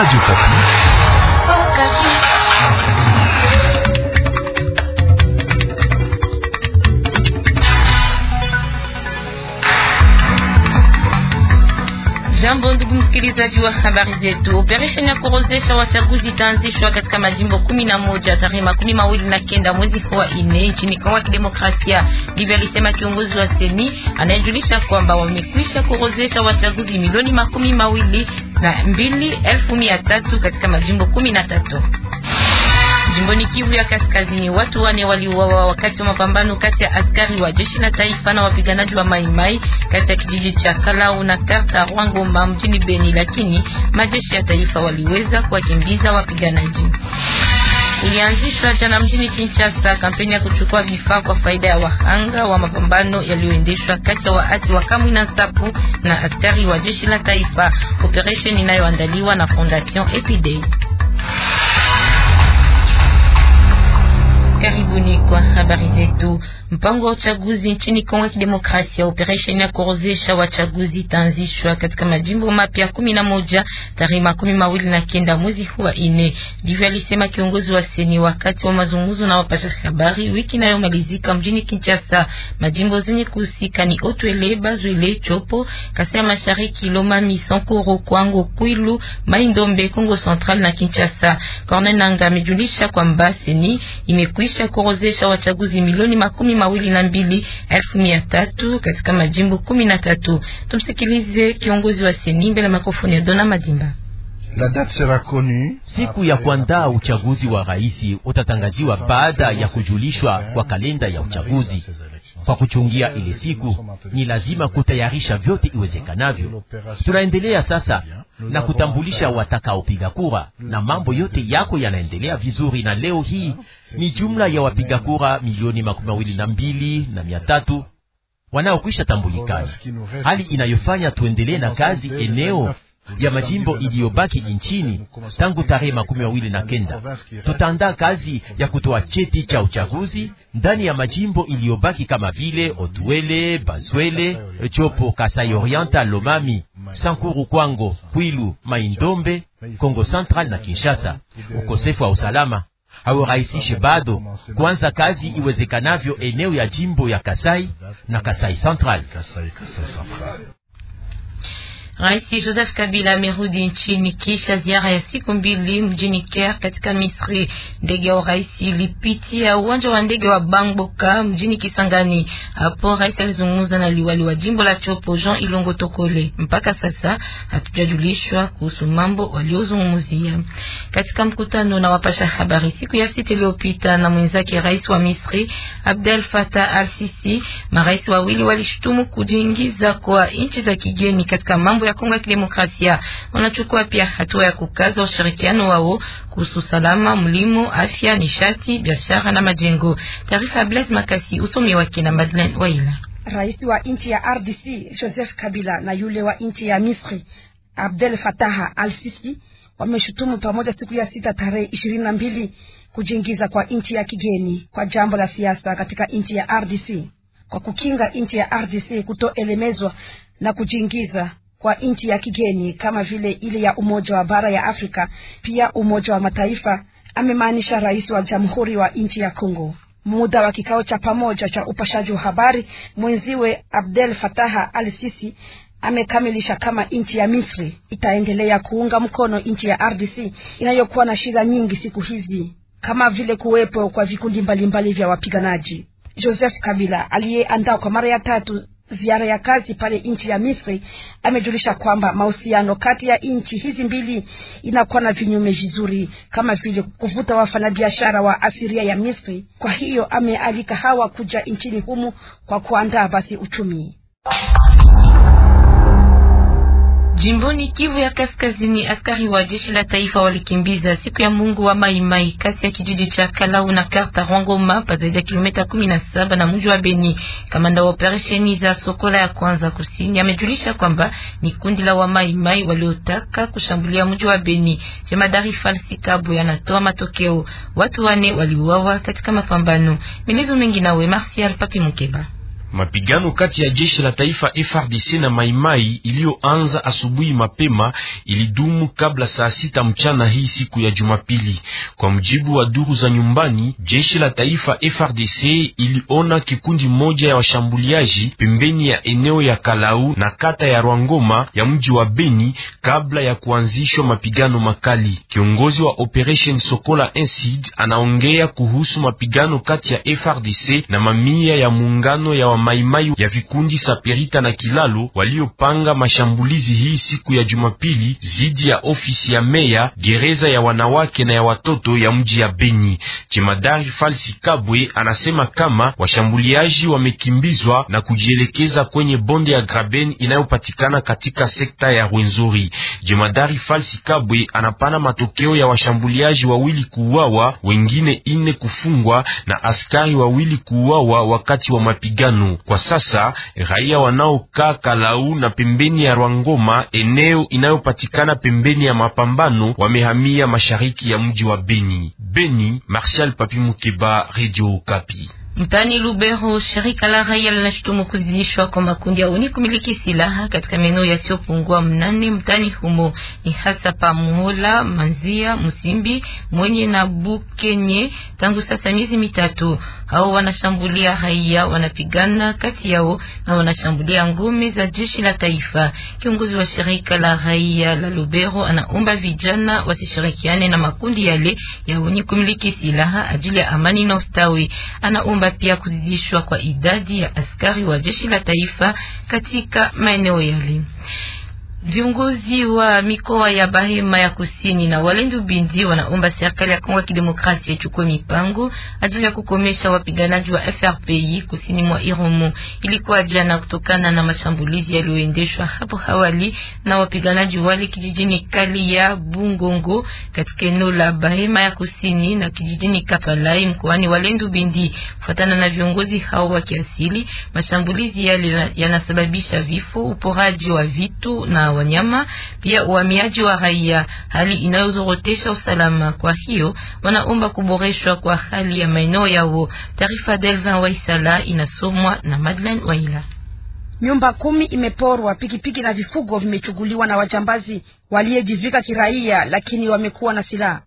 Radio Okapi. Jambo ndugu msikilizaji wa habari zetu. Operesheni ya kurozesha wachaguzi itaanzishwa katika majimbo kumi na moja tarehe makumi mawili na kenda mwezi wa nne nchini Kongo ya Kidemokrasia. Ndivyo alisema kiongozi wa seni anayejulisha kwamba wamekwisha kurozesha wachaguzi milioni makumi mawili na mbili elfu mia tatu katika majimbo kumi na tatu. Jimboni Kivu ya Kaskazini, watu wane waliuawa wakati wa mapambano kati ya askari wa jeshi la taifa na wapiganaji wa Maimai kati ya kijiji cha Kalau na karta Rwangomba mjini Beni, lakini majeshi ya taifa waliweza kuwakimbiza wapiganaji ulianzishwa jana mjini Kinshasa kampeni ya kuchukua vifaa kwa faida ya wahanga wa mapambano yaliyoendeshwa kati ya waasi wa Kamwina Nsapu na askari wa jeshi la taifa, operation inayoandaliwa na Fondation Epidei. Karibuni kwa habari zetu. Mpango wa uchaguzi nchini Kongo ya Kidemokrasia, operation ya kuorozesha wachaguzi itaanzishwa katika majimbo mapya kumi na moja tarehe makumi mawili na kenda mwezi huu wa ine. Ndivyo alisema kiongozi wa seni wakati wa mazungumzo na wapasha habari wiki inayomalizika mjini Kinshasa. Majimbo zenye kuhusika ni Otwele, Bazwele, Chopo, Kasai Mashariki, Lomami, Sankoro, Kwango, Kwilu, Maindombe, Kongo Central na Kinshasa. Corneille Nanga amejulisha kwamba seni imekwisha imekwisha kuorozesha wachaguzi milioni makumi mawili na mbili elfu mia tatu katika majimbo kumi na tatu. Tumsikilize kiongozi wa seni mbele ya mikrofoni ya Dona Madimba. Siku ya kuandaa uchaguzi wa rais utatangaziwa baada ya kujulishwa kwa kalenda ya uchaguzi. Kwa kuchungia ile siku, ni lazima kutayarisha vyote iwezekanavyo. Tunaendelea sasa na kutambulisha watakaopiga kura, na mambo yote yako yanaendelea vizuri, na leo hii ni jumla ya wapiga kura milioni makumi mawili na mbili na mia tatu wanaokwisha tambulikana, hali inayofanya tuendelee na kazi eneo ya majimbo iliyobaki nchini tangu tarehe makumi mawili na kenda. Tutaandaa kazi ya kutoa cheti cha uchaguzi ndani ya majimbo iliyobaki kama vile Otuele, Bazwele, Chopo, Kasai Oriental, Lomami, Sankuru, Kwango, Kwilu, Maindombe, Kongo Central na Kinshasa. Ukosefu wa usalama haurahisishi bado kuanza kazi iwezekanavyo eneo ya jimbo ya Kasai na Kasai Central. Rais Joseph Kabila amerudi nchini kisha ziara ya siku mbili mjini Caire katika Misri. Ndege ya rais ilipitia uwanja wa ndege wa Bangboka mjini Kisangani. Hapo rais alizungumza na liwali wa jimbo la Chopo Jean Ilongo Tokole. Mpaka sasa hatujajulishwa kuhusu mambo waliozungumzia. Katika mkutano na wapasha habari siku ya sita iliyopita na mwenzake rais wa Misri Abdel Fattah al-Sisi, marais wawili walishutumu kujiingiza kwa nchi za kigeni katika mambo ya Kongo ya Kidemokrasia. Wanachukua pia hatua ya kukaza ushirikiano wao kuhusu salama, mlimo, afya, nishati, biashara na majengo. Taarifa ya Blaise Makasi, usomi wake na Madeleine Waila. Rais wa nchi ya RDC Joseph Kabila na yule wa nchi ya Misri Abdel Fattah al-Sisi wameshutumu pamoja siku ya sita tarehe ishirini na mbili kujiingiza kwa nchi ya kigeni kwa jambo la siasa katika nchi ya RDC kwa kukinga nchi ya RDC kutoelemezwa na kujiingiza kwa nchi ya kigeni kama vile ile ya Umoja wa bara ya Afrika, pia Umoja wa Mataifa, amemaanisha rais wa jamhuri wa nchi ya Kongo. Muda wa kikao cha pamoja cha upashaji wa habari, mwenziwe Abdel Fataha Al Sisi amekamilisha kama nchi ya Misri itaendelea kuunga mkono nchi ya RDC inayokuwa na shida nyingi siku hizi kama vile kuwepo kwa vikundi mbalimbali mbali vya wapiganaji. Joseph Kabila aliyeandaa kwa mara ya tatu ziara ya kazi pale nchi ya Misri amejulisha kwamba mahusiano kati ya nchi hizi mbili inakuwa na vinyume vizuri, kama vile kuvuta wafanyabiashara wa asiria ya Misri. Kwa hiyo amealika hawa kuja nchini humu kwa kuandaa basi uchumi Jimboni Kivu ya Kaskazini, askari wa jeshi la taifa walikimbiza siku ya Mungu wa Maimai kasi ya kijiji cha Kalau na Karta Rwangoma pa zaidi ya kilomita 17 na mji wa Beni. Kamanda wa operesheni za Sokola ya kwanza kusini amejulisha kwamba ni kundi la wa Maimai waliotaka kushambulia mji wa Beni. Jemadari Falsi Kabo yanatoa matokeo, watu wane waliuawa katika mapambano. Melezo mengi nawe Martial Papi Mukeba. Mapigano kati ya jeshi la taifa FRDC na Maimai iliyoanza asubuhi mapema ilidumu kabla saa sita mchana hii siku ya Jumapili. Kwa mjibu wa duru za nyumbani, jeshi la taifa frdc iliona kikundi moja ya washambuliaji pembeni ya eneo ya Kalau na kata ya Rwangoma ya mji wa Beni kabla ya kuanzishwa mapigano makali. Kiongozi wa Operation Sokola Incid anaongea kuhusu mapigano kati ya frdc na mamia ya muungano ya maimai ya vikundi Saperita na Kilalo waliopanga mashambulizi hii siku ya Jumapili zidi ya ofisi ya meya, gereza ya wanawake na ya watoto ya mji ya Beni. Jemadari Falsi Kabwe anasema kama washambuliaji wamekimbizwa na kujielekeza kwenye bonde ya Graben inayopatikana katika sekta ya Rwenzori. Jemadari Falsi Kabwe anapana matokeo ya washambuliaji wawili kuuawa, wengine ine kufungwa na askari wawili kuuawa wakati wa mapigano. Kwa sasa raia wanaokaa Kalau na pembeni ya Rwangoma, eneo inayopatikana pembeni ya mapambano, wamehamia mashariki ya mji wa Beni. Beni, Marshal Papi Mukeba, Radio Kapi. Mtani Lubero, shirika la raia linashutumu kuzidishwa kwa makundi ya uni kumiliki silaha katika maeneo yasiyopungua mnane mtani humo, ni hasa pa Muhola, Manzia, Musimbi, Mwenye na Bukenye. Tangu sasa miezi mitatu, hao wanashambulia raia, wanapigana kati yao na wanashambulia ngome za jeshi la taifa. Kiongozi wa shirika la raia la Lubero anaomba vijana wasishirikiane na makundi yale ya uni kumiliki silaha ajili ya amani na ustawi. Anaomba wanaomba pia kuzidishwa kwa idadi ya askari wa jeshi la taifa katika maeneo yale. Viongozi wa mikoa ya Bahema ya Kusini na Walendu Bindi wanaomba serikali ya Kongo ya Kidemokrasia ichukue mipango ajili ya kukomesha wapiganaji wa FRPI kusini mwa Irumu. Ilikuwa jana kutokana na mashambulizi yaliyoendeshwa hapo hawali na wapiganaji wale kijijini Kali ya Bungongo katika eneo la Bahema ya Kusini na kijijini Kapalai mkoani Walendu Bindi. Kufuatana na viongozi hao wa kiasili, mashambulizi yale yanasababisha vifo, uporaji wa vitu na wanyama, pia uhamiaji wa raia, hali inayozorotesha usalama. Kwa hiyo wanaomba kuboreshwa kwa hali ya maeneo yao. Taarifa Delvin Waisala inasomwa na Madeleine Waila. Nyumba kumi imeporwa, pikipiki na vifugo vimechuguliwa na wajambazi waliyejivika kiraia, lakini wamekuwa na silaha.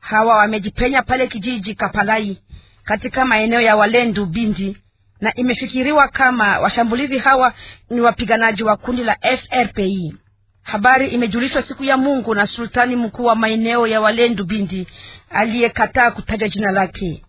Hawa wamejipenya pale kijiji Kapalai katika maeneo ya Walendu Bindi, na imefikiriwa kama washambulizi hawa ni wapiganaji wa kundi la FRPI. Habari imejulishwa siku ya Mungu na sultani mkuu wa maeneo ya Walendu Bindi aliyekataa kutaja jina lake.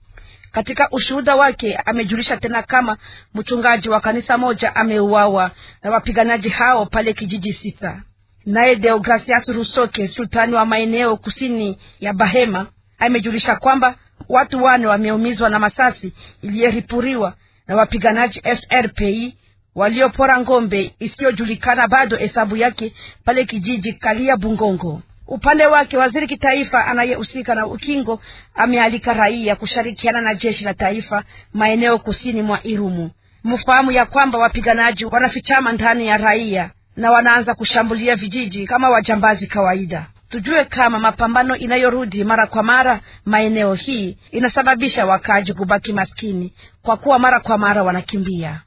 Katika ushuhuda wake amejulisha tena kama mchungaji wa kanisa moja ameuawa na wapiganaji hao pale kijiji sita. Naye Deogracias Rusoke, sultani wa maeneo kusini ya Bahema, amejulisha kwamba watu wane wameumizwa na masasi iliyeripuriwa na wapiganaji FRPI waliopora ngombe isiyojulikana bado hesabu yake pale kijiji Kalia Bungongo. Upande wake waziri kitaifa anayehusika na ukingo amealika raia kushirikiana na jeshi la taifa maeneo kusini mwa Irumu. Mfahamu ya kwamba wapiganaji wanafichama ndani ya raia na wanaanza kushambulia vijiji kama wajambazi kawaida. Tujue kama mapambano inayorudi mara kwa mara maeneo hii inasababisha wakaaji kubaki maskini kwa kuwa mara kwa mara wanakimbia.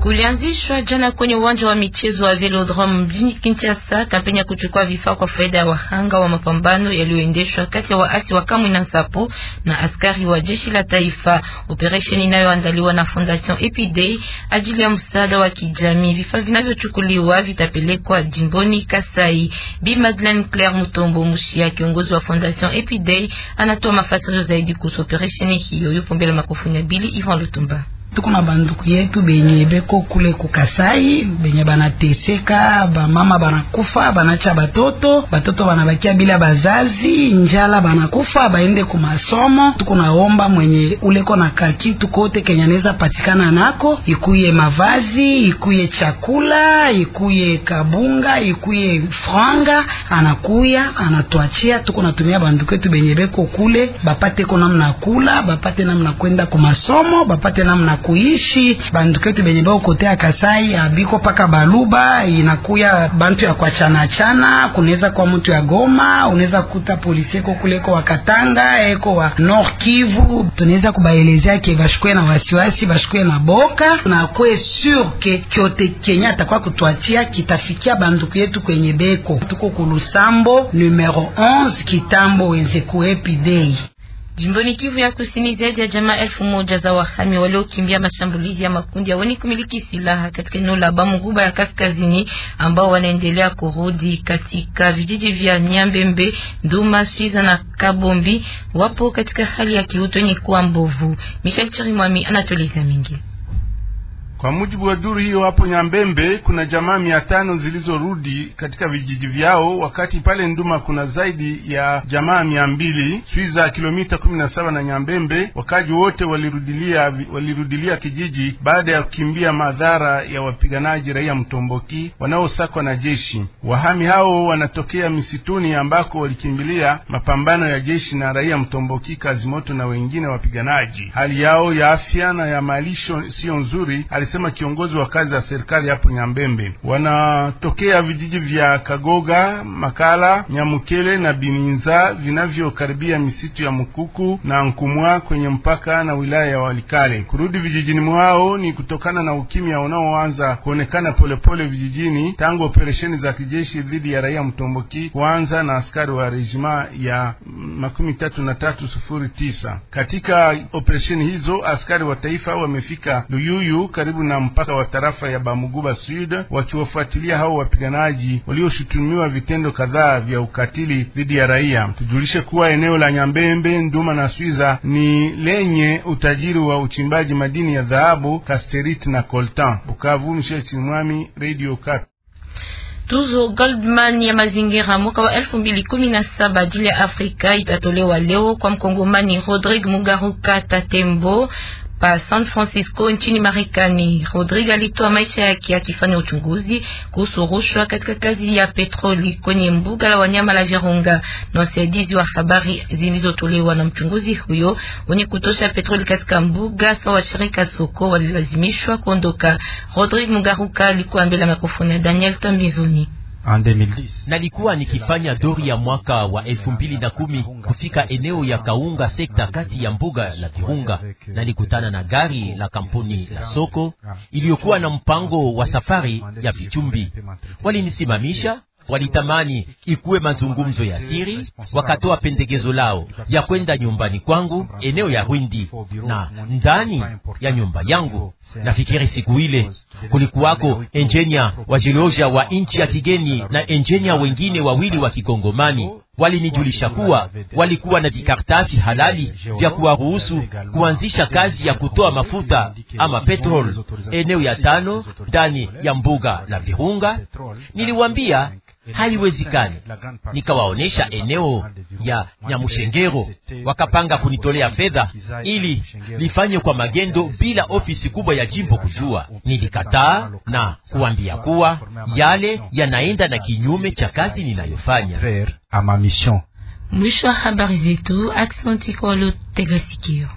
Kulianzishwa jana kwenye uwanja wa michezo wa Velodrome mjini Kinshasa kampeni ya kuchukua vifaa kwa faida ya wahanga wa mapambano yaliyoendeshwa kati ya waasi wa na Nsapo na askari wa jeshi la taifa, Operation inayoandaliwa na Fondation Epidei ajili ya msaada wa kijamii. Vifaa vinavyochukuliwa vitapelekwa jimboni Kasai. Bi Madeleine Claire Mutombo Mushia, kiongozi wa Fondation Epidei, anatoa mafasirio zaidi kuhusu operation hiyo. Yupo mbele makofuni ya Bili Ivan Lutumba tuko na banduku yetu benye beko kule kukasai benye banateseka, bamama banakufa, banacha batoto, batoto banabakia bila bazazi, njala banakufa, baende kumasomo. Tuko naomba mwenye uleko na kaki tukote kenya neza patikana nako, ikuye mavazi, ikuye chakula, ikuye kabunga, ikuye franga, anakuya anatuachia. Tuko natumia banduku yetu benye beko kule, bapate ko namna kula, bapate namna kwenda kumasomo, bapate namna kuishi banduku yetu benye bao kotea Kasai abiko paka Baluba inakuya bantu ya kwachana chana, kunaweza kwa mtu ya Goma, unaweza kuta polisi eko kuleko wa Katanga eko wa North Kivu. Tunaweza kubaelezea ke bashikwe na wasiwasi, bashikwe na boka na kwe sur ke kyote Kenya atakuwa kutwatia kitafikia banduku yetu kwenye beko. Tuko kulusambo numero 11 kitambo wenze wenzekuepidei Jimboni Kivu ya Kusini, zaidi ya jamaa elfu moja za wahami waliokimbia mashambulizi ya makundi ya wenye kumiliki silaha katika eneo la Bamuguba ya kaskazini, ambao wanaendelea kurudi katika vijiji vya Nyambembe, Nduma, Swiza na Kabombi, wapo katika hali ya kiuto yenye kuwa mbovu. Michel Chirimwami anatueleza mingi. Kwa mujibu wa duru hiyo, hapo Nyambembe kuna jamaa mia tano zilizorudi katika vijiji vyao, wakati pale Nduma kuna zaidi ya jamaa mia mbili Swiza kilomita kumi na saba na Nyambembe. Wakaji wote walirudilia, walirudilia kijiji baada ya kukimbia madhara ya wapiganaji raia Mtomboki wanaosakwa na jeshi. Wahami hao wanatokea misituni ambako walikimbilia mapambano ya jeshi na raia Mtomboki, Kazimoto na wengine wapiganaji. Hali yao ya afya na ya malisho siyo nzuri amesema kiongozi wa kazi za serikali hapo Nyambembe. Wanatokea vijiji vya Kagoga, Makala, Nyamukele na Bininza vinavyokaribia misitu ya Mkuku na Nkumwa kwenye mpaka na wilaya ya Walikale. Kurudi vijijini mwao ni kutokana na ukimya unaoanza kuonekana polepole vijijini tangu operesheni za kijeshi dhidi ya raia Mtomboki kuanza na askari wa rejima ya makumi tatu na tatu sufuri tisa. Katika operesheni hizo askari wa taifa wamefika Luyuyu karibu karibu na mpaka wa tarafa ya Bamuguba Sud, wakiwafuatilia hao wapiganaji walioshutumiwa vitendo kadhaa vya ukatili dhidi ya raia. Tujulishe kuwa eneo la Nyambembe, Nduma na Swiza ni lenye utajiri wa uchimbaji madini ya dhahabu, kasterit na coltan. Bukavu, Michel Chimwami, Radio Kat. Tuzo Goldman ya mazingira mwaka wa 2017 ajili ya Afrika itatolewa leo kwa mkongomani Rodrigue Mugaruka Tatembo pa San Francisco nchini Marekani. Rodrigue alitoa maisha yake akifanya uchunguzi kuhusu rushwa katika kazi ya petroli kwenye mbuga la wanyama la Virunga, na wasaidizi wa habari zilizotolewa na mchunguzi huyo wenye kutosha petroli katika mbuga sawa washirika soko walilazimishwa kuondoka. Rodrigo Mugaruka alikuwa mbele ya mikrofoni ya Daniel Tambizoni nalikuwa nikifanya dori ya mwaka wa elfu mbili na kumi kufika eneo ya Kaunga, sekta kati ya mbuga la Virunga. Nalikutana na gari la kampuni la soko iliyokuwa na mpango wa safari ya Vichumbi. Walinisimamisha walitamani ikuwe mazungumzo ya siri, wakatoa pendekezo lao ya kwenda nyumbani kwangu eneo ya Rwindi na ndani ya nyumba yangu. Nafikiri siku ile kulikuwako enjenia wa jeloja wa nchi ya kigeni na enjenia wengine wawili wa Kikongomani walinijulisha kuwa walikuwa na vikartasi halali vya kuwaruhusu kuanzisha kazi ya kutoa mafuta ama petrol eneo ya tano ndani ya mbuga la Virunga. niliwambia haiwezekani. Nikawaonyesha eneo ya Nyamushengero, wakapanga kunitolea fedha ili lifanye kwa magendo bila ofisi kubwa ya jimbo kujua. Nilikataa na kuambia kuwa yale yanaenda na kinyume cha kazi ninayofanya. Mwisho wa habari zetu. Aksanti kwa sikio